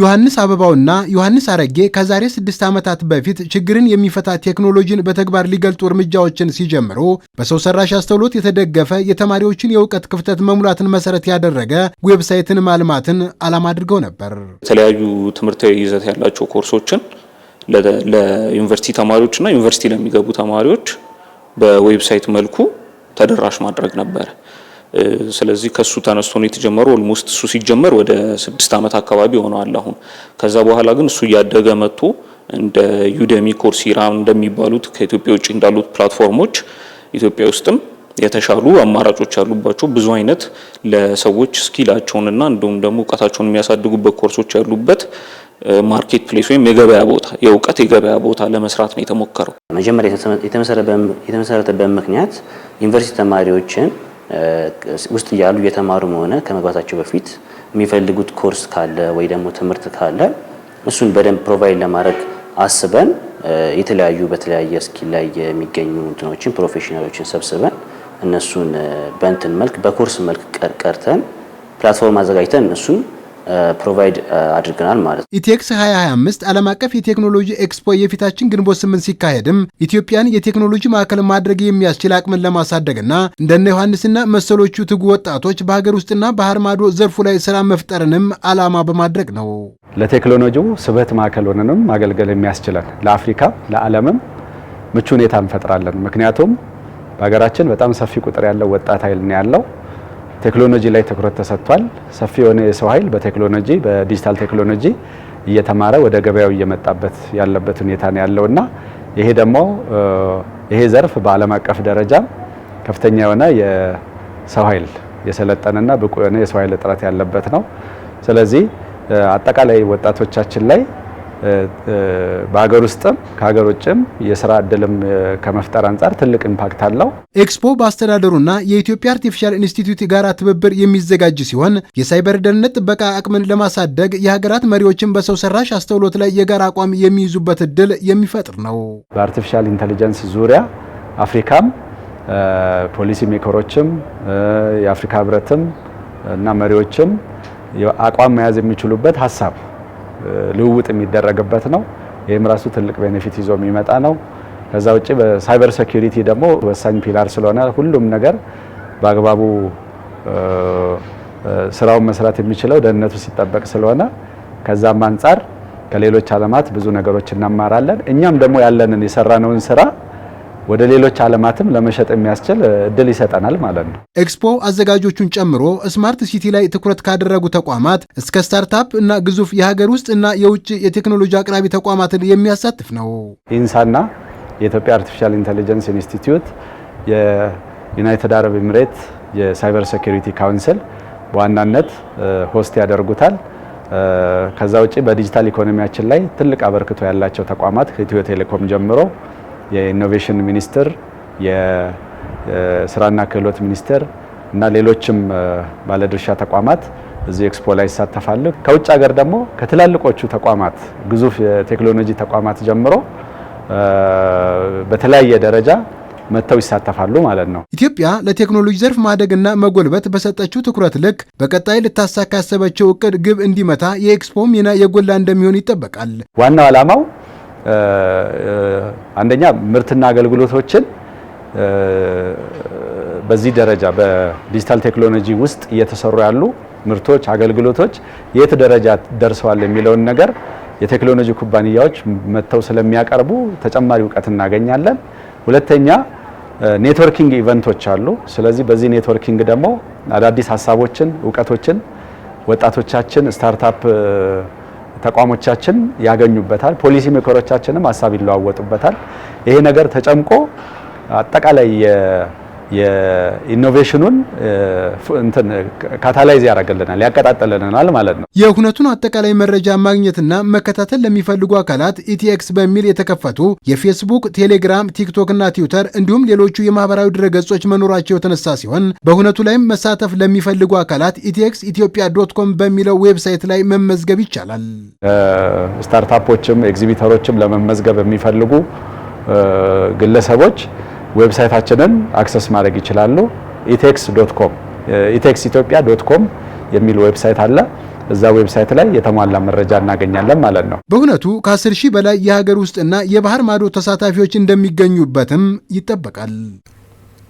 ዮሐንስ አበባውና ዮሐንስ አረጌ ከዛሬ ስድስት ዓመታት በፊት ችግርን የሚፈታ ቴክኖሎጂን በተግባር ሊገልጡ እርምጃዎችን ሲጀምሩ በሰው ሰራሽ አስተውሎት የተደገፈ የተማሪዎችን የእውቀት ክፍተት መሙላትን መሰረት ያደረገ ዌብሳይትን ማልማትን ዓላማ አድርገው ነበር። የተለያዩ ትምህርታዊ ይዘት ያላቸው ኮርሶችን ለዩኒቨርሲቲ ተማሪዎችና ዩኒቨርሲቲ ለሚገቡ ተማሪዎች በዌብሳይት መልኩ ተደራሽ ማድረግ ነበር። ስለዚህ ከሱ ተነስቶ ነው የተጀመረው። ኦልሞስት እሱ ሲጀመር ወደ ስድስት ዓመት አካባቢ ሆነዋል አሁን። ከዛ በኋላ ግን እሱ እያደገ መጥቶ እንደ ዩደሚ ኮርሲራ እንደሚባሉት ከኢትዮጵያ ውጭ እንዳሉት ፕላትፎርሞች ኢትዮጵያ ውስጥም የተሻሉ አማራጮች ያሉባቸው ብዙ አይነት ለሰዎች ስኪላቸውንና እንዲሁም ደግሞ እውቀታቸውን የሚያሳድጉበት ኮርሶች ያሉበት ማርኬት ፕሌስ ወይም የገበያ ቦታ የእውቀት የገበያ ቦታ ለመስራት ነው የተሞከረው። መጀመሪያ የተመሰረተበት ምክንያት ዩኒቨርሲቲ ተማሪዎችን ውስጥ እያሉ እየተማሩም ሆነ ከመግባታቸው በፊት የሚፈልጉት ኮርስ ካለ ወይ ደግሞ ትምህርት ካለ እሱን በደንብ ፕሮቫይድ ለማድረግ አስበን የተለያዩ በተለያየ ስኪል ላይ የሚገኙ እንትኖችን ፕሮፌሽናሎችን ሰብስበን እነሱን በእንትን መልክ በኮርስ መልክ ቀርተን ፕላትፎርም አዘጋጅተን እነሱን ፕሮቫይድ አድርገናል ማለት ነው። ኢቴክስ 2025 ዓለም አቀፍ የቴክኖሎጂ ኤክስፖ የፊታችን ግንቦት ስምንት ሲካሄድም ኢትዮጵያን የቴክኖሎጂ ማዕከል ማድረግ የሚያስችል አቅምን ለማሳደግና እንደነ ዮሐንስና መሰሎቹ ትጉ ወጣቶች በሀገር ውስጥና ባህር ማዶ ዘርፉ ላይ ስራ መፍጠርንም ዓላማ በማድረግ ነው። ለቴክኖሎጂው ስበት ማዕከል ሆነንም ማገልገል የሚያስችለን ለአፍሪካ ለዓለምም ምቹ ሁኔታ እንፈጥራለን። ምክንያቱም በሀገራችን በጣም ሰፊ ቁጥር ያለው ወጣት ኃይል ነው ያለው ቴክኖሎጂ ላይ ትኩረት ተሰጥቷል። ሰፊ የሆነ የሰው ኃይል በቴክኖሎጂ በዲጂታል ቴክኖሎጂ እየተማረ ወደ ገበያው እየመጣበት ያለበት ሁኔታ ነው ያለውና ይሄ ደግሞ ይሄ ዘርፍ በዓለም አቀፍ ደረጃ ከፍተኛ የሆነ የሰው ኃይል የሰለጠነና ብቁ የሆነ የሰው ኃይል እጥረት ያለበት ነው። ስለዚህ አጠቃላይ ወጣቶቻችን ላይ በሀገር ውስጥም ከሀገር ውጭም የስራ እድልም ከመፍጠር አንጻር ትልቅ ኢምፓክት አለው። ኤክስፖ በአስተዳደሩና የኢትዮጵያ አርቲፊሻል ኢንስቲትዩት ጋር ትብብር የሚዘጋጅ ሲሆን የሳይበር ደህንነት ጥበቃ አቅምን ለማሳደግ የሀገራት መሪዎችን በሰው ሰራሽ አስተውሎት ላይ የጋራ አቋም የሚይዙበት እድል የሚፈጥር ነው። በአርቲፊሻል ኢንቴሊጀንስ ዙሪያ አፍሪካም ፖሊሲ ሜከሮችም የአፍሪካ ህብረትም እና መሪዎችም አቋም መያዝ የሚችሉበት ሀሳብ ልውውጥ የሚደረግበት ነው። ይህም ራሱ ትልቅ ቤኔፊት ይዞ የሚመጣ ነው። ከዛ ውጭ በሳይበር ሴኩሪቲ ደግሞ ወሳኝ ፒላር ስለሆነ ሁሉም ነገር በአግባቡ ስራውን መስራት የሚችለው ደህንነቱ ሲጠበቅ ስለሆነ ከዛም አንጻር ከሌሎች ዓለማት ብዙ ነገሮች እናማራለን። እኛም ደግሞ ያለንን የሰራነውን ስራ ወደ ሌሎች ዓለማትም ለመሸጥ የሚያስችል እድል ይሰጠናል ማለት ነው። ኤክስፖ አዘጋጆቹን ጨምሮ ስማርት ሲቲ ላይ ትኩረት ካደረጉ ተቋማት እስከ ስታርታፕ እና ግዙፍ የሀገር ውስጥ እና የውጭ የቴክኖሎጂ አቅራቢ ተቋማትን የሚያሳትፍ ነው። ኢንሳና የኢትዮጵያ አርቲፊሻል ኢንቴሊጀንስ ኢንስቲትዩት፣ የዩናይትድ አረብ ኤምሬት የሳይበር ሴኩሪቲ ካውንስል በዋናነት ሆስት ያደርጉታል። ከዛ ውጭ በዲጂታል ኢኮኖሚያችን ላይ ትልቅ አበርክቶ ያላቸው ተቋማት ከኢትዮ ቴሌኮም ጀምሮ የኢኖቬሽን ሚኒስቴር፣ የስራና ክህሎት ሚኒስቴር እና ሌሎችም ባለድርሻ ተቋማት እዚህ ኤክስፖ ላይ ይሳተፋሉ። ከውጭ ሀገር ደግሞ ከትላልቆቹ ተቋማት ግዙፍ የቴክኖሎጂ ተቋማት ጀምሮ በተለያየ ደረጃ መጥተው ይሳተፋሉ ማለት ነው። ኢትዮጵያ ለቴክኖሎጂ ዘርፍ ማደግና መጎልበት በሰጠችው ትኩረት ልክ በቀጣይ ልታሳካ ያሰበችው እቅድ ግብ እንዲመታ የኤክስፖ ሚና የጎላ እንደሚሆን ይጠበቃል። ዋናው ዓላማው አንደኛ ምርትና አገልግሎቶችን በዚህ ደረጃ በዲጂታል ቴክኖሎጂ ውስጥ እየተሰሩ ያሉ ምርቶች፣ አገልግሎቶች የት ደረጃ ደርሰዋል የሚለውን ነገር የቴክኖሎጂ ኩባንያዎች መጥተው ስለሚያቀርቡ ተጨማሪ እውቀት እናገኛለን። ሁለተኛ ኔትወርኪንግ ኢቨንቶች አሉ። ስለዚህ በዚህ ኔትወርኪንግ ደግሞ አዳዲስ ሀሳቦችን፣ እውቀቶችን ወጣቶቻችን ስታርታፕ ተቋሞቻችን ያገኙበታል። ፖሊሲ ሜከሮቻችንም ሀሳብ ይለዋወጡበታል። ይሄ ነገር ተጨምቆ አጠቃላይ የኢኖቬሽኑን እንትን ካታላይዝ ያደርግልናል ያቀጣጠልልናል ማለት ነው። የሁነቱን አጠቃላይ መረጃ ማግኘትና መከታተል ለሚፈልጉ አካላት ኢቲኤክስ በሚል የተከፈቱ የፌስቡክ፣ ቴሌግራም፣ ቲክቶክ እና ትዊተር እንዲሁም ሌሎቹ የማህበራዊ ድረገጾች መኖራቸው የተነሳ ሲሆን በሁነቱ ላይም መሳተፍ ለሚፈልጉ አካላት ኢቲኤክስ ኢትዮጵያ ዶት ኮም በሚለው ዌብሳይት ላይ መመዝገብ ይቻላል። ስታርታፖችም ኤግዚቢተሮችም ለመመዝገብ የሚፈልጉ ግለሰቦች ዌብሳይታችንን አክሰስ ማድረግ ይችላሉ። ኢቴክስ ዶት ኮም ኢቴክስ ኢትዮጵያ ዶት ኮም የሚል ዌብሳይት አለ። እዛ ዌብሳይት ላይ የተሟላ መረጃ እናገኛለን ማለት ነው። በእውነቱ ከ10 ሺህ በላይ የሀገር ውስጥና የባህር ማዶ ተሳታፊዎች እንደሚገኙበትም ይጠበቃል።